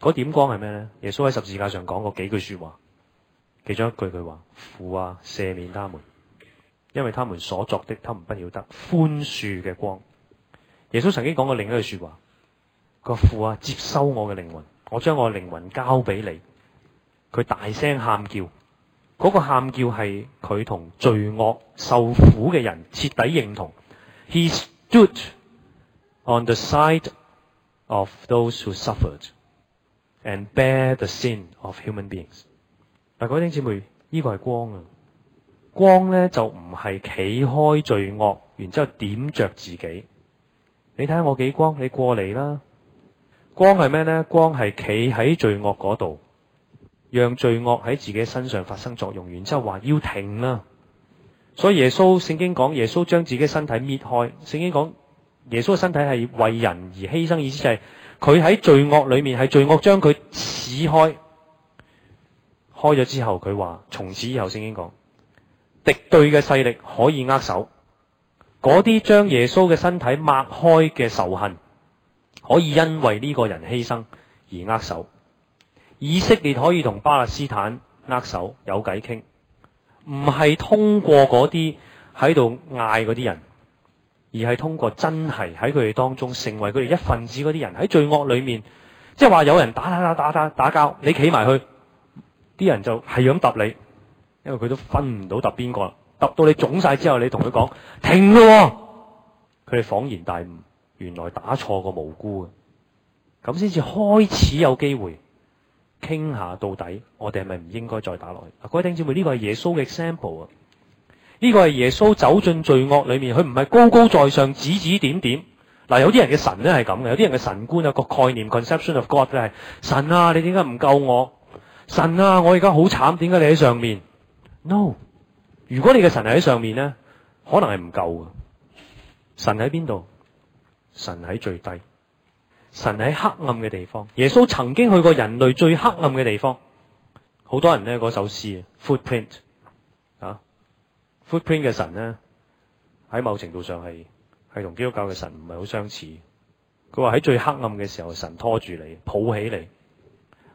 嗰點光係咩咧？耶穌喺十字架上講過幾句說話，其中一句佢話，父啊，赦免他們，因為他們所作的他們不曉得寬恕嘅光。耶穌曾經講過另一句說話：個父啊，接收我嘅靈魂，我將我嘅靈魂交俾你。佢大聲喊叫，嗰個喊叫係佢同罪惡受苦嘅人徹底認同。He stood on the side of those who suffered and bear the sin of human beings。嗱，各位弟兄姊妹，呢個係光啊！光咧就唔係企開罪惡，然之後點着自己。你睇下我幾光，你過嚟啦。光係咩呢？光係企喺罪惡嗰度，讓罪惡喺自己身上發生作用，然之後話要停啦。所以耶穌聖經講耶穌將自己身體搣開，聖經講耶穌嘅身體係為人而犧牲，意思就係佢喺罪惡裏面，係罪惡將佢搣開，開咗之後佢話從此以後聖經講敵對嘅勢力可以握手。嗰啲將耶穌嘅身體擘開嘅仇恨，可以因為呢個人犧牲而握手。以色列可以同巴勒斯坦握手有偈傾，唔係通過嗰啲喺度嗌嗰啲人，而係通過真係喺佢哋當中成為佢哋一份子嗰啲人喺罪惡裏面，即係話有人打打打打打打交，你企埋去，啲人就係咁揼你，因為佢都分唔到揼邊個。到你腫晒之後，你同佢講停咯，哦，佢哋恍然大悟，原來打錯個無辜啊，咁先至開始有機會傾下到底，我哋係咪唔應該再打落去啊？各位弟兄姊妹，呢個係耶穌嘅 example 啊，呢個係耶穌走進罪惡裏面，佢唔係高高在上指指點點。嗱，啊，有啲人嘅神咧係咁嘅，有啲人嘅神觀有個概念 conception of God 咧係神啊，你點解唔救我？神啊，我而家好慘，點解你喺上面？No。如果你嘅神喺上面咧，可能係唔夠嘅。神喺邊度？神喺最低，神喺黑暗嘅地方。耶穌曾經去過人類最黑暗嘅地方。好多人咧嗰首詩 Foot 啊，footprint 啊，footprint 嘅神咧喺某程度上係係同基督教嘅神唔係好相似。佢話喺最黑暗嘅時候，神拖住你，抱起你。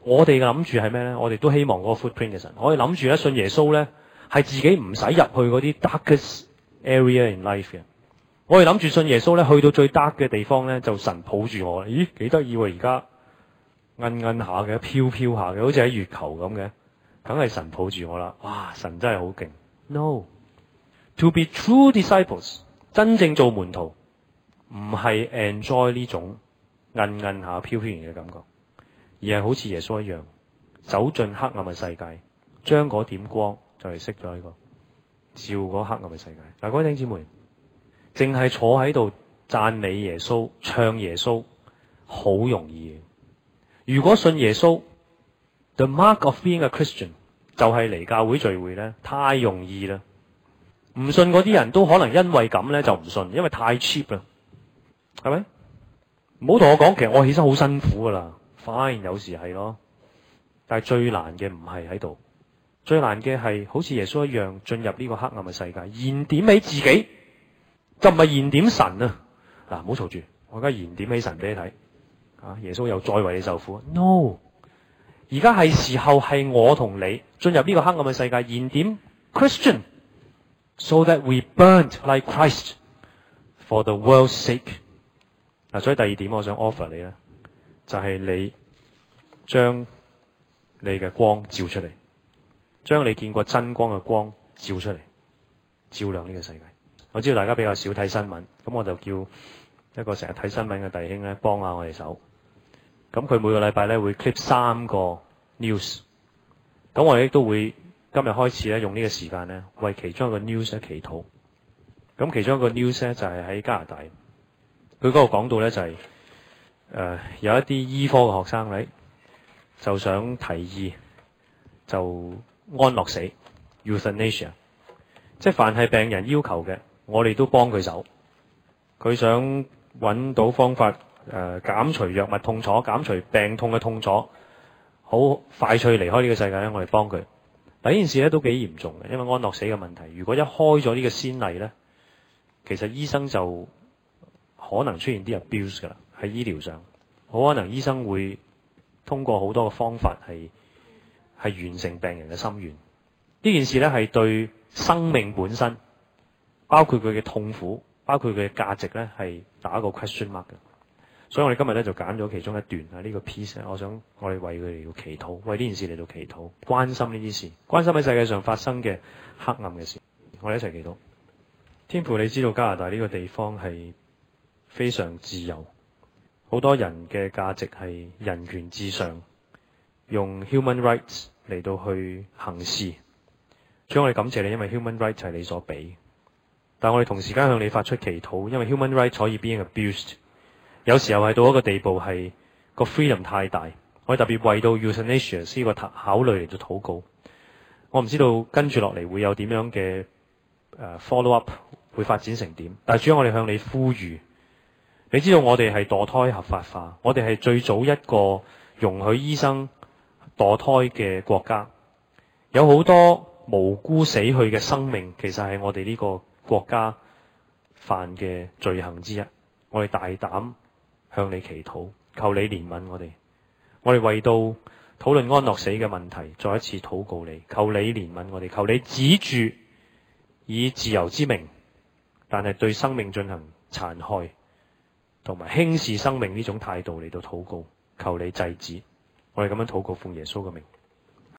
我哋嘅諗住係咩咧？我哋都希望嗰個 footprint 嘅神。我哋諗住一信耶穌咧，係自己唔使入去嗰啲 darkest area in life 嘅，我哋諗住信耶穌咧，去到最 dark 嘅地方咧，就神抱住我啦。咦，幾得意喎！而家暗暗下嘅，飄飄下嘅，好似喺月球咁嘅，梗係神抱住我啦。哇，神真係好勁。No，to be true disciples，真正做門徒，唔係 enjoy 呢種暗暗下、飄飄然嘅感覺，而係好似耶穌一樣，走進黑暗嘅世界，將嗰點光。就係識咗呢個照嗰黑暗嘅世界。嗱，各位弟兄姊妹，淨係坐喺度讚美耶穌、唱耶穌，好容易。如果信耶穌，the mark of being a Christian 就係嚟教會聚會咧，太容易啦。唔信嗰啲人都可能因為咁咧就唔信，因為太 cheap 啦，係咪？唔好同我講，其實我起身好辛苦噶啦，反而有時係咯。但係最難嘅唔係喺度。最難嘅係好似耶穌一樣進入呢個黑暗嘅世界，燃點起自己就唔係燃點神啊！嗱、啊，唔好嘈住，我而家燃點起神俾你睇啊！耶穌又再為你受苦？no，而家係時候係我同你進入呢個黑暗嘅世界，燃點 Christian，so that we burnt like Christ for the world’s sake。嗱、啊，所以第二點我想 offer 你咧，就係、是、你將你嘅光照出嚟。將你見過真光嘅光照出嚟，照亮呢個世界。我知道大家比較少睇新聞，咁我就叫一個成日睇新聞嘅弟兄咧，幫下我哋手。咁佢每個禮拜咧會 clip 三個 news，咁我亦都會今日開始咧用呢個時間咧為其中一個 news 咧祈禱。咁其中一個 news 咧就係、是、喺加拿大，佢嗰度講到咧就係、是、誒、呃、有一啲醫科嘅學生咧就想提議就。安樂死，euthanasia，即係凡係病人要求嘅，我哋都幫佢走。佢想揾到方法誒、呃、減除藥物痛楚、減除病痛嘅痛楚，好快脆離開呢個世界咧，我哋幫佢。但係呢件事咧都幾嚴重嘅，因為安樂死嘅問題，如果一開咗呢個先例咧，其實醫生就可能出現啲 abuse 噶啦，喺醫療上，好可能醫生會通過好多嘅方法係。係完成病人嘅心願，呢件事咧係對生命本身，包括佢嘅痛苦，包括佢嘅價值咧係打一個 question mark 嘅。所以我哋今日咧就揀咗其中一段啊呢個 piece 咧，我想我哋為佢嚟到祈禱，為呢件事嚟到祈禱，關心呢啲事，關心喺世界上發生嘅黑暗嘅事。我哋一齊祈禱。天父，你知道加拿大呢個地方係非常自由，好多人嘅價值係人權至上。用 human rights 嚟到去行事，所以我哋感謝你，因為 human rights 係你所俾。但我哋同時間向你發出祈禱，因為 human rights 可以 being abused，有時候係到一個地步係個 freedom 太大。我哋特別為到 euthanasia 呢個考慮嚟做禱告。我唔知道跟住落嚟會有點樣嘅 follow up 會發展成點，但係主要我哋向你呼籲，你知道我哋係墮胎合法化，我哋係最早一個容許醫生墮胎嘅國家，有好多無辜死去嘅生命，其實係我哋呢個國家犯嘅罪行之一。我哋大膽向你祈禱，求你憐憫我哋。我哋為到討論安樂死嘅問題，再一次禱告你，求你憐憫我哋，求你止住以自由之名，但係對生命進行殘害同埋輕視生命呢種態度嚟到禱告，求你制止。我哋咁樣禱告奉耶穌嘅名。